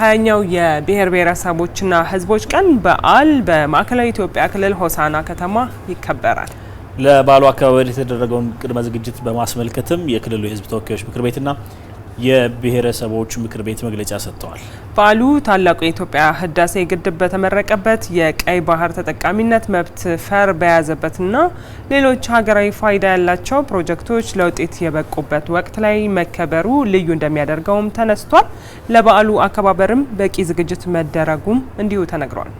ሀያኛው የብሔር ብሔረሰቦችና ህዝቦች ቀን በዓል በማዕከላዊ ኢትዮጵያ ክልል ሆሳና ከተማ ይከበራል። ለበዓሉ አከባበር የተደረገውን ቅድመ ዝግጅት በማስመልከትም የክልሉ የህዝብ ተወካዮች ምክር ቤትና የብሔረሰቦች ምክር ቤት መግለጫ ሰጥተዋል። በዓሉ ታላቁ የኢትዮጵያ ህዳሴ ግድብ በተመረቀበት የቀይ ባህር ተጠቃሚነት መብት ፈር በያዘበትና ሌሎች ሀገራዊ ፋይዳ ያላቸው ፕሮጀክቶች ለውጤት የበቁበት ወቅት ላይ መከበሩ ልዩ እንደሚያደርገውም ተነስቷል። ለበዓሉ አከባበርም በቂ ዝግጅት መደረጉም እንዲሁ ተነግሯል።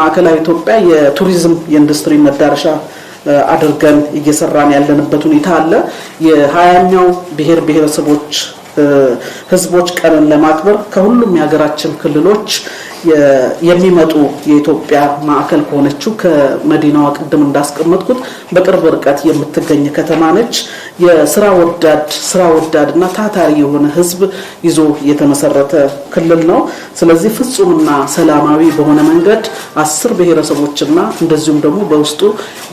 ማዕከላዊ ኢትዮጵያ የቱሪዝም የኢንዱስትሪ መዳረሻ አድርገን እየሰራን ያለንበት ሁኔታ አለ። የሀያኛው ብሔር ብሔረሰቦች ህዝቦች ቀንን ለማክበር ከሁሉም የሀገራችን ክልሎች የሚመጡ የኢትዮጵያ ማዕከል ከሆነችው ከመዲናዋ ቅድም እንዳስቀመጥኩት በቅርብ ርቀት የምትገኝ ከተማ ነች። የስራ ወዳድ ስራ ወዳድ እና ታታሪ የሆነ ህዝብ ይዞ የተመሰረተ ክልል ነው። ስለዚህ ፍጹምና ሰላማዊ በሆነ መንገድ አስር ብሔረሰቦችና እንደዚሁም ደግሞ በውስጡ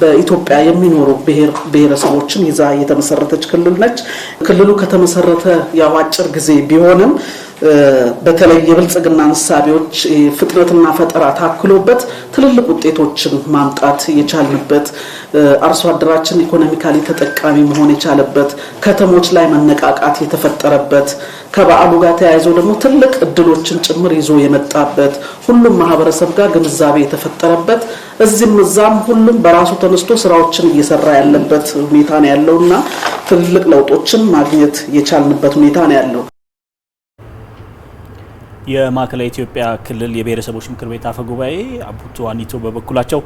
በኢትዮጵያ የሚኖሩ ብሔረሰቦችን ይዛ የተመሰረተች ክልል ነች። ክልሉ ከተመሰረተ ያው አጭር ጊዜ ቢሆንም በተለይ የብልጽግና ምሳሌዎች ፍጥነትና ፈጠራ ታክሎበት ትልልቅ ውጤቶችን ማምጣት የቻልንበት አርሶ አደራችን ኢኮኖሚካሊ ተጠቃሚ መሆን የቻለበት ከተሞች ላይ መነቃቃት የተፈጠረበት ከበዓሉ ጋር ተያይዞ ደግሞ ትልቅ እድሎችን ጭምር ይዞ የመጣበት ሁሉም ማህበረሰብ ጋር ግንዛቤ የተፈጠረበት እዚህም እዛም ሁሉም በራሱ ተነስቶ ስራዎችን እየሰራ ያለበት ሁኔታ ነው ያለው እና ትልልቅ ለውጦችን ማግኘት የቻልንበት ሁኔታ ነው ያለው። የማዕከላዊ ኢትዮጵያ ክልል የብሔረሰቦች ምክር ቤት አፈ ጉባኤ አቡቱ አኒቶ በበኩላቸው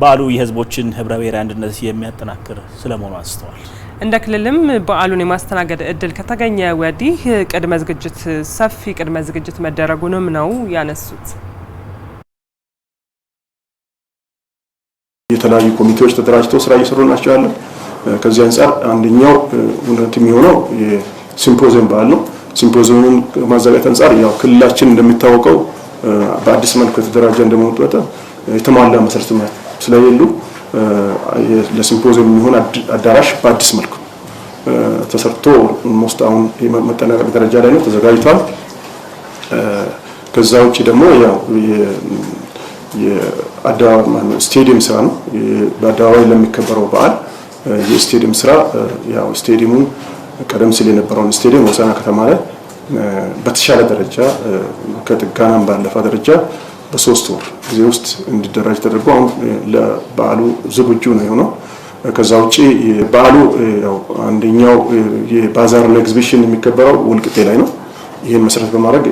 በዓሉ የህዝቦችን ህብረ ብሔራዊ አንድነት የሚያጠናክር ስለመሆኑ አንስተዋል። እንደ ክልልም በዓሉን የማስተናገድ እድል ከተገኘ ወዲህ ቅድመ ዝግጅት ሰፊ ቅድመ ዝግጅት መደረጉንም ነው ያነሱት። የተለያዩ ኮሚቴዎች ተደራጅተው ስራ እየሰሩ ናቸው ያለ ከዚህ አንጻር አንደኛው እውነት የሚሆነው የሲምፖዚየም በዓል ነው። ሲምፖዚየሙን ከማዘጋጀት አንጻር ያው ክልላችን እንደሚታወቀው በአዲስ መልኩ የተደራጀ እንደመሆኑ መጠን የተሟላ መሰረተ ልማት ስለሌሉ ለሲምፖዚየም የሚሆን አዳራሽ በአዲስ መልኩ ተሰርቶ ኦልሞስት አሁን መጠናቀቅ ደረጃ ላይ ነው፣ ተዘጋጅቷል። ከዛ ውጭ ደግሞ ያው ስቴዲየም ስራ ነው። በአደባባይ ለሚከበረው በዓል የስቴዲየም ስራ ያው ስቴዲየሙን ቀደም ሲል የነበረውን ስቴዲየም ሆሳዕና ከተማ ላይ በተሻለ ደረጃ ከጥጋናም ባለፈ ደረጃ በሶስት ወር ጊዜ ውስጥ እንዲደራጅ ተደርጎ አሁን ለበዓሉ ዝግጁ ነው የሆነው። ከዛ ውጭ በዓሉ አንደኛው የባዛር ኤግዚቢሽን የሚከበረው ወልቅጤ ላይ ነው። ይህን መሰረት በማድረግ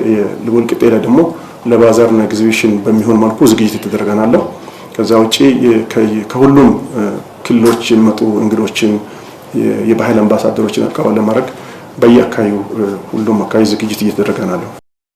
ወልቅጤ ላይ ደግሞ ለባዛር ኤግዚቢሽን በሚሆን መልኩ ዝግጅት የተደረገናለው። ከዛ ውጭ ከሁሉም ክልሎች የሚመጡ እንግዶችን የባህል አምባሳደሮችን አካባቢ ለማድረግ በየአካባቢው ሁሉም አካባቢ ዝግጅት እየተደረገ ነው።